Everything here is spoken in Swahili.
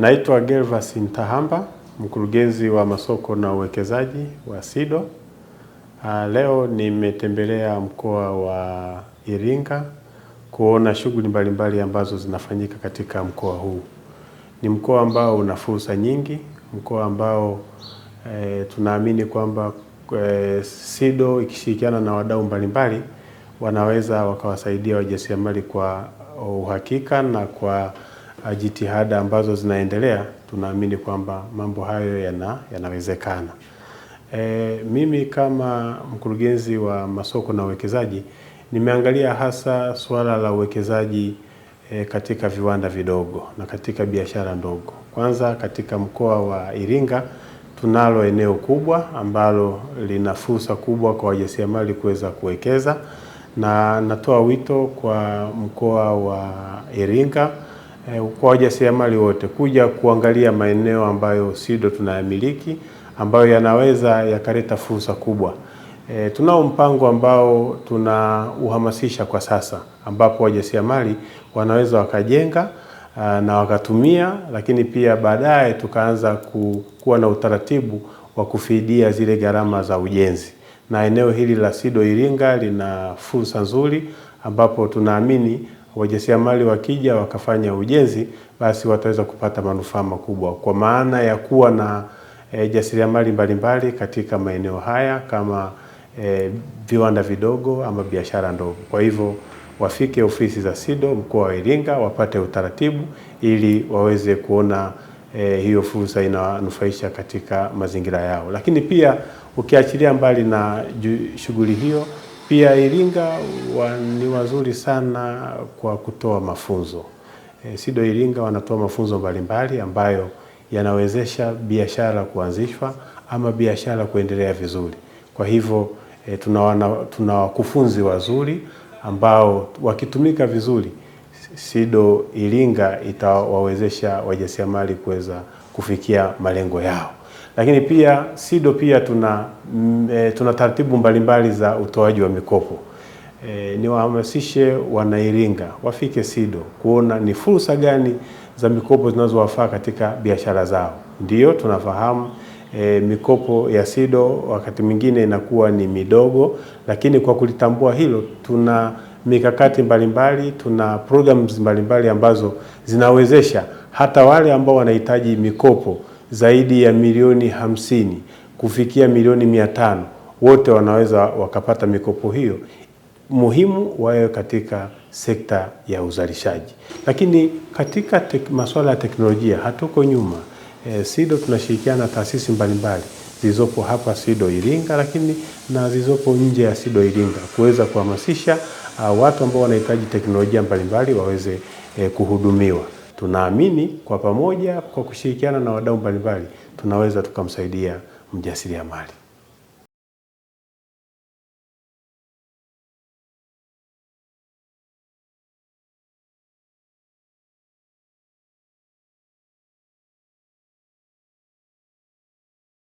Naitwa Gervas Ntahamba, mkurugenzi wa masoko na uwekezaji wa SIDO. Ah, leo nimetembelea mkoa wa Iringa kuona shughuli mbalimbali ambazo zinafanyika katika mkoa huu. Ni mkoa ambao una fursa nyingi, mkoa ambao e, tunaamini kwamba e, SIDO ikishirikiana na wadau mbalimbali wanaweza wakawasaidia wajasiriamali kwa uhakika na kwa jitihada ambazo zinaendelea, tunaamini kwamba mambo hayo yana, yanawezekana. E, mimi kama mkurugenzi wa masoko na uwekezaji nimeangalia hasa suala la uwekezaji e, katika viwanda vidogo na katika biashara ndogo. Kwanza katika mkoa wa Iringa tunalo eneo kubwa ambalo lina fursa kubwa kwa wajasiriamali kuweza kuwekeza, na natoa wito kwa mkoa wa Iringa eh, kwa wajasiriamali wote kuja kuangalia maeneo ambayo SIDO tunayamiliki ambayo yanaweza yakaleta fursa kubwa. E, tunao mpango ambao tunauhamasisha kwa sasa ambapo wajasiriamali wanaweza wakajenga aa, ah, na wakatumia, lakini pia baadaye tukaanza ku, kuwa na utaratibu wa kufidia zile gharama za ujenzi, na eneo hili la SIDO Iringa lina fursa nzuri ambapo tunaamini wajasiriamali wakija wakafanya ujenzi, basi wataweza kupata manufaa makubwa kwa maana ya kuwa na e, jasiriamali mbalimbali katika maeneo haya kama e, viwanda vidogo ama biashara ndogo. Kwa hivyo wafike ofisi za SIDO mkoa wa Iringa wapate utaratibu ili waweze kuona e, hiyo fursa inawanufaisha katika mazingira yao. Lakini pia ukiachilia mbali na shughuli hiyo pia Iringa wa, ni wazuri sana kwa kutoa mafunzo e, SIDO Iringa wanatoa mafunzo mbalimbali ambayo yanawezesha biashara kuanzishwa ama biashara kuendelea vizuri. Kwa hivyo e, tuna wakufunzi wazuri ambao wakitumika vizuri SIDO Iringa itawawezesha wajasiriamali kuweza kufikia malengo yao. Lakini pia SIDO pia tuna, e, tuna taratibu mbalimbali za utoaji wa mikopo e, niwahamasishe Wanairinga wafike SIDO kuona ni fursa gani za mikopo zinazowafaa katika biashara zao. Ndiyo tunafahamu e, mikopo ya SIDO wakati mwingine inakuwa ni midogo, lakini kwa kulitambua hilo tuna mikakati mbalimbali, tuna programs mbalimbali ambazo zinawezesha hata wale ambao wanahitaji mikopo zaidi ya milioni hamsini kufikia milioni mia tano wote wanaweza wakapata mikopo hiyo. Muhimu wawe katika sekta ya uzalishaji, lakini katika masuala ya teknolojia hatuko nyuma. E, SIDO tunashirikiana na taasisi mbalimbali zilizopo hapa SIDO Iringa, lakini na zilizopo nje ya SIDO Iringa kuweza kuhamasisha uh, watu ambao wanahitaji teknolojia mbalimbali waweze eh, kuhudumiwa. Tunaamini kwa pamoja, kwa kushirikiana na wadau mbalimbali, tunaweza tukamsaidia mjasiriamali.